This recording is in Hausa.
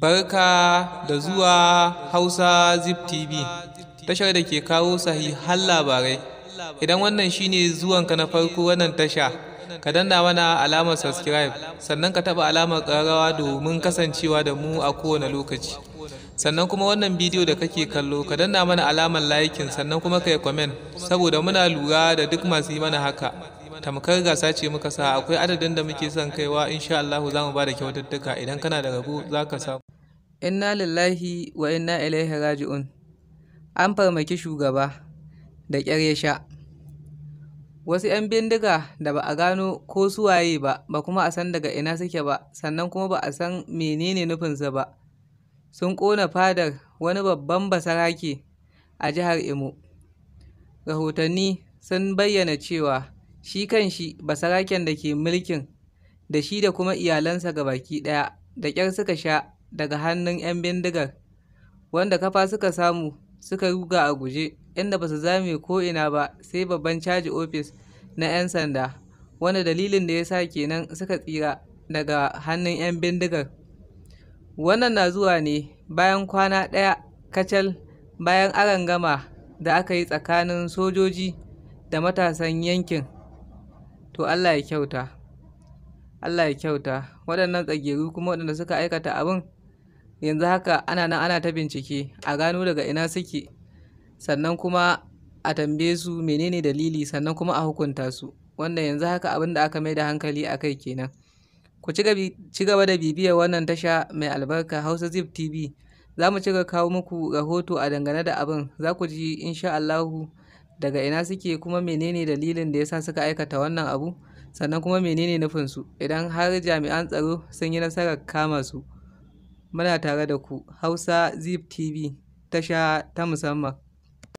Barka da zuwa Hausa Zip TV, tashar da ke kawo sahihan labarai. Idan wannan shine zuwanka na farko wannan tasha, ka danna mana alamar subscribe, sannan ka taɓa alamar ƙararrawa domin kasancewa da mu a kowane lokaci. Sannan kuma wannan bidiyo da kake kallo, ka danna mana alamar laikin sannan kuma ka yi comment, saboda muna lura da duk masu yi mana haka. tamkar gasa ce muka sa akwai adadin da muke son kaiwa insha Allah za mu ba da kyaututtuka idan kana da rabo za ka samu Inna lillahi wa inna ilaihi raji'un. An farmaki shugaba da ƙyar ya sha. Wasu 'yan bindiga da ba a gano ko suwaye ba, ba kuma a san daga ina suke ba, sannan kuma ba a san menene nufinsa ba. Sun ƙona fadar wani babban basarake a jihar Imo. Rahotanni sun bayyana cewa shi kan shi basaraken da ke mulkin da shi da kuma iyalansa ga baki ɗaya da ƙyar suka sha daga hannun 'yan bindigar, wanda kafa suka samu suka ruga a guje, inda ba su zame ko'ina ba sai babban caji ofis na 'yan sanda, wanda dalilin da ya sa kenan suka tsira daga hannun 'yan bindigar. Wannan na zuwa ne bayan kwana ɗaya kacal bayan gama da aka yi tsakanin sojoji da matasan yankin. To Allah ya kyauta, Allah ya kyauta, waɗannan tsageru kuma waɗanda suka aikata abin. yanzu haka ana nan ana ta bincike a gano daga ina suke sannan kuma a tambaye su menene dalili sannan kuma a hukunta su wanda yanzu haka abin da aka mai da hankali a kai kenan ku ci gaba da bibiyar wannan tasha mai albarka hausa zip tv za mu cika kawo muku rahoto a dangane da abin za ku ji insha allahu daga ina suke kuma menene dalilin da yasa suka aikata wannan abu sannan kuma menene nufinsu idan har jami'an tsaro sun yi nasarar kama su Muna tare da ku, Hausa Zip TV, tasha ta musamman.